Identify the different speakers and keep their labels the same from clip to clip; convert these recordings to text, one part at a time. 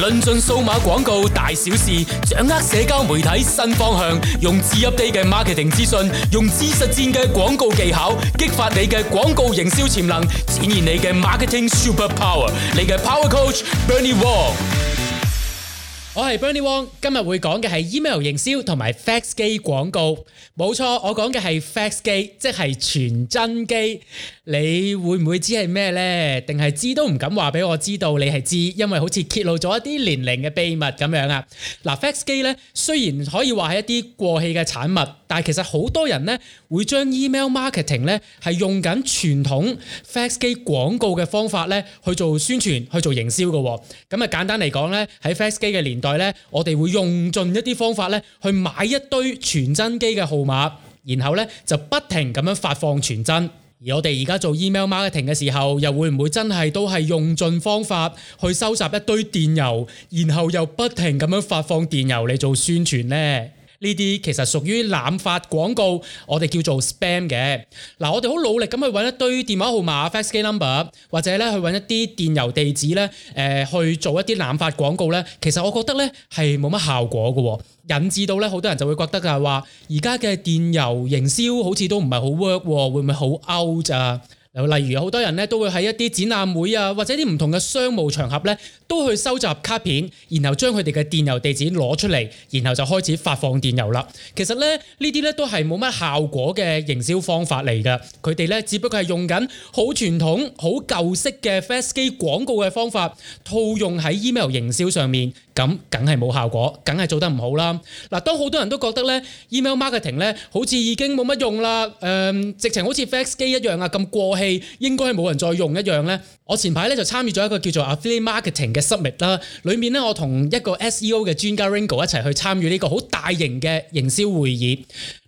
Speaker 1: 論盡數碼廣告大小事，掌握社交媒體新方向，用最 update 嘅 marketing 資訊，用最實戰嘅廣告技巧，激發你嘅廣告營銷潛能，展現你嘅 marketing super power，你嘅 power coach Bernie Wong。我係 Bernie Wong，今日會講嘅係 email 營銷同埋 fax 機廣告，冇錯，我講嘅係 fax 機，即係傳真機。你會唔會知係咩呢？定係知都唔敢話俾我知道？你係知，因為好似揭露咗一啲年齡嘅秘密咁樣啊！嗱，fax 機咧，雖然可以話係一啲過氣嘅產物。但其實好多人咧，會將 email marketing 咧係用緊傳統 fax 機廣告嘅方法咧去做宣傳，去做營銷嘅喎、哦。咁啊簡單嚟講咧，喺 fax 機嘅年代咧，我哋會用盡一啲方法咧去買一堆傳真機嘅號碼，然後咧就不停咁樣發放傳真。而我哋而家做 email marketing 嘅時候，又會唔會真係都係用盡方法去收集一堆電郵，然後又不停咁樣發放電郵嚟做宣傳呢？呢啲其實屬於濫發廣告，我哋叫做 spam 嘅。嗱，我哋好努力咁去揾一堆電話號碼、fax number 或者咧去揾一啲電郵地址咧，誒、呃、去做一啲濫發廣告咧。其實我覺得咧係冇乜效果嘅，引致到咧好多人就會覺得係話而家嘅電郵營銷好似都唔係好 work，會唔會好 out 咋？例如好多人咧，都會喺一啲展覽會啊，或者啲唔同嘅商務場合咧，都去收集卡片，然後將佢哋嘅電郵地址攞出嚟，然後就開始發放電郵啦。其實咧，呢啲咧都係冇乜效果嘅營銷方法嚟噶。佢哋咧只不過係用緊好傳統好舊式嘅 fax 機廣告嘅方法套用喺 email 營銷上面，咁梗係冇效果，梗係做得唔好啦。嗱，當好多人都覺得咧 email marketing 咧好似已經冇乜用啦，誒、呃、直情好似 fax 機一樣啊，咁過。應該冇人再用一樣呢。我前排咧就參與咗一個叫做 Affiliate Marketing 嘅 Summit 啦。裡面咧我同一個 SEO 嘅專家 Ringo 一齊去參與呢個好大型嘅營銷會議。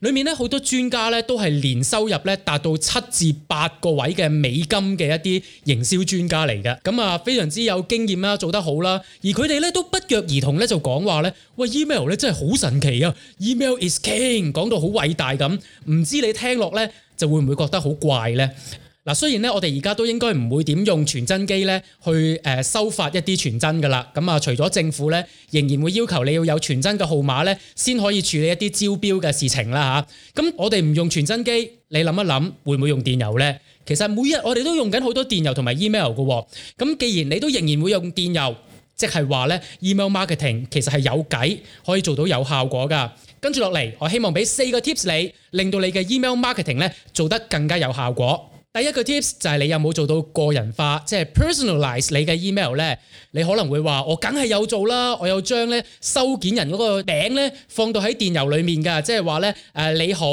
Speaker 1: 裏面咧好多專家咧都係年收入咧達到七至八個位嘅美金嘅一啲營銷專家嚟嘅。咁啊非常之有經驗啦，做得好啦。而佢哋咧都不約而同咧就講話咧，喂 email 咧真係好神奇啊！Email is king，講到好偉大咁。唔知你聽落咧就會唔會覺得好怪呢？」嗱，雖然咧，我哋而家都應該唔會點用傳真機咧，去誒收發一啲傳真噶啦。咁啊，除咗政府咧，仍然會要求你要有傳真嘅號碼咧，先可以處理一啲招標嘅事情啦嚇。咁我哋唔用傳真機，你諗一諗會唔會用電郵咧？其實每日我哋都用緊好多電郵同埋 email 喎。咁既然你都仍然會用電郵，即係話咧 email marketing 其實係有計可以做到有效果噶。跟住落嚟，我希望俾四個 tips 你，令到你嘅 email marketing 咧做得更加有效果。第一個 tips 就係你有冇做到個人化，即係 personalize 你嘅 email 呢？你可能會話我梗係有做啦，我有將咧收件人嗰個名呢放到喺電郵裡面㗎，即係話呢：「你好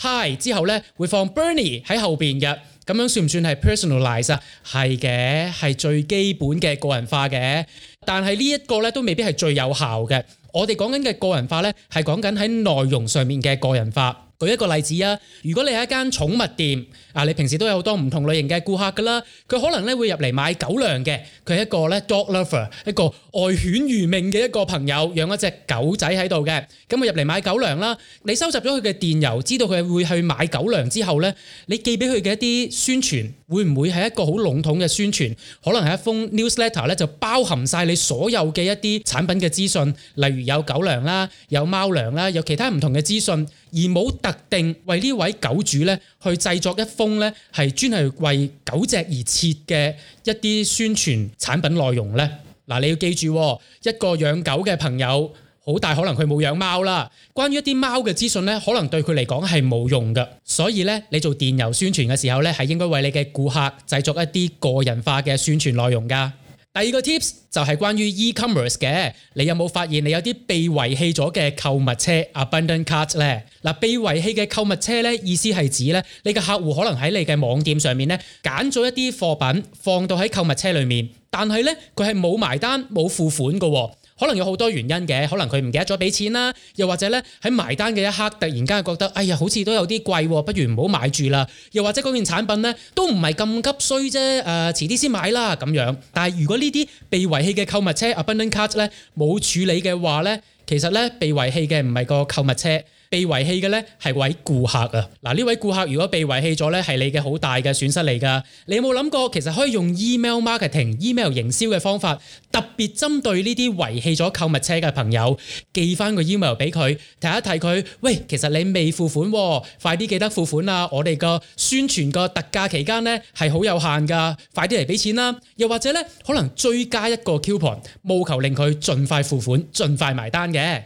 Speaker 1: hi 之後呢，會放 Bernie 喺後邊嘅，咁樣算唔算係 personalize 啊？係嘅，係最基本嘅個人化嘅，但係呢一個呢，都未必係最有效嘅。我哋講緊嘅個人化呢，係講緊喺內容上面嘅個人化。舉一個例子啊！如果你係一間寵物店啊，你平時都有好多唔同類型嘅顧客㗎啦，佢可能咧會入嚟買狗糧嘅，佢係一個咧 dog lover，一個愛犬如命嘅一個朋友，養一隻狗仔喺度嘅，咁佢入嚟買狗糧啦。你收集咗佢嘅電郵，知道佢會去買狗糧之後咧，你寄俾佢嘅一啲宣傳，會唔會係一個好籠統嘅宣傳？可能係一封 newsletter 咧，就包含晒你所有嘅一啲產品嘅資訊，例如有狗糧啦，有貓糧啦，有其他唔同嘅資訊。而冇特定為呢位狗主咧去製作一封咧係專係為狗隻而設嘅一啲宣傳產品內容呢。嗱，你要記住，一個養狗嘅朋友好大可能佢冇養貓啦。關於一啲貓嘅資訊咧，可能對佢嚟講係冇用嘅。所以咧，你做電郵宣傳嘅時候咧，係應該為你嘅顧客製作一啲個人化嘅宣傳內容㗎。第二個 tips 就係關於 e-commerce 嘅，你有冇發現你有啲被遺棄咗嘅購物車 abandoned cart 咧？嗱，被遺棄嘅購物車咧，意思係指咧，你嘅客戶可能喺你嘅網店上面咧揀咗一啲貨品放到喺購物車裏面，但係咧佢係冇埋單冇付款㗎。可能有好多原因嘅，可能佢唔記得咗俾錢啦，又或者咧喺埋單嘅一刻突然間覺得，哎呀，好似都有啲貴，不如唔好買住啦。又或者嗰件產品咧都唔係咁急需啫，誒，遲啲先買啦咁樣。但係如果呢啲被遺棄嘅購物車啊 Abandoned Carts 咧冇處理嘅話咧，其實咧被遺棄嘅唔係個購物車。被遺棄嘅咧係位顧客啊！嗱，呢位顧客如果被遺棄咗咧，係你嘅好大嘅損失嚟噶。你有冇諗過其實可以用 email marketing、email 營銷嘅方法，特別針對呢啲遺棄咗購物車嘅朋友，寄翻個 email 俾佢，提一提佢。喂，其實你未付款喎，快啲記得付款啦！我哋個宣傳個特價期間咧係好有限噶，快啲嚟俾錢啦！又或者咧，可能追加一個 coupon，務求令佢盡快付款、盡快埋單嘅。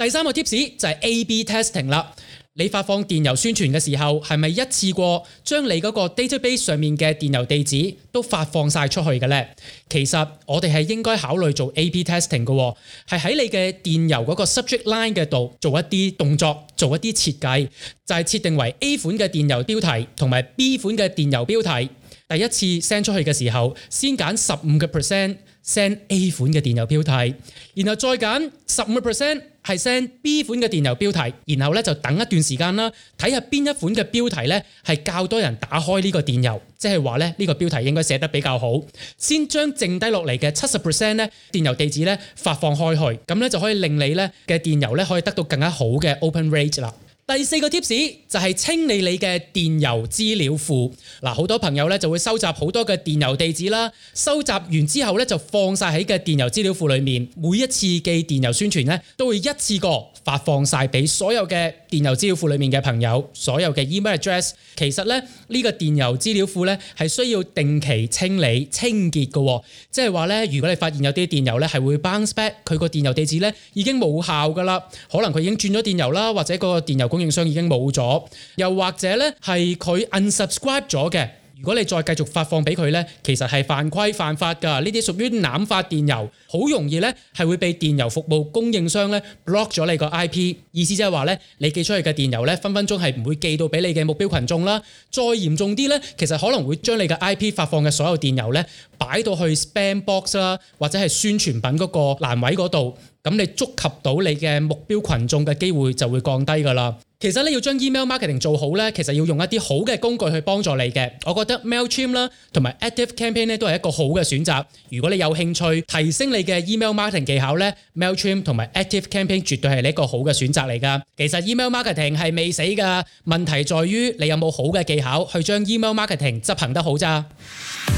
Speaker 1: 第三個 tips 就係 A/B testing 啦。你發放電郵宣傳嘅時候，係咪一次過將你嗰個 database 上面嘅電郵地址都發放晒出去嘅呢？其實我哋係應該考慮做 A/B testing 嘅，係喺你嘅電郵嗰個 subject line 嘅度做一啲動作，做一啲設計，就係設定為 A 款嘅電郵標題同埋 B 款嘅電郵標題。第一次 send 出去嘅時候，先揀十五個 percent send A 款嘅電郵標題，然後再揀十五個 percent。係 send B 款嘅電郵標題，然後咧就等一段時間啦，睇下邊一款嘅標題咧係較多人打開呢個電郵，即係話咧呢個標題應該寫得比較好，先將剩低落嚟嘅七十 percent 咧電郵地址咧發放開去，咁咧就可以令你咧嘅電郵咧可以得到更加好嘅 open rate 啦。第四個 tips 就係清理你嘅電郵資料庫。嗱，好多朋友咧就會收集好多嘅電郵地址啦，收集完之後咧就放晒喺嘅電郵資料庫裏面。每一次嘅電郵宣傳咧，都會一次過。發放晒俾所有嘅電郵資料庫裏面嘅朋友，所有嘅 email address，其實咧呢、呢個電郵資料庫咧係需要定期清理清潔嘅。哦，即係話咧，如果你發現有啲電郵咧係會 bounce back，佢個電郵地址咧已經冇效㗎啦，可能佢已經轉咗電郵啦，或者個電郵供應商已經冇咗，又或者咧係佢 unsubscribe 咗嘅。如果你再繼續發放俾佢呢，其實係犯規犯法㗎。呢啲屬於濫發電郵，好容易呢係會被電郵服務供應商呢 block 咗你個 IP。意思即係話呢，你寄出去嘅電郵呢，分分鐘係唔會寄到俾你嘅目標群眾啦。再嚴重啲呢，其實可能會將你嘅 IP 發放嘅所有電郵呢，擺到去 spam box 啦，或者係宣傳品嗰個欄位嗰度。咁你觸及到你嘅目標群眾嘅機會就會降低㗎啦。其實咧要將 email marketing 做好咧，其實要用一啲好嘅工具去幫助你嘅。我覺得 Mailchimp 啦同埋 Active Campaign 咧都係一個好嘅選擇。如果你有興趣提升你嘅 email marketing 技巧咧，Mailchimp 同埋 Active Campaign 絕對係你一個好嘅選擇嚟噶。其實 email marketing 係未死㗎，問題在於你有冇好嘅技巧去將 email marketing 執行得好咋。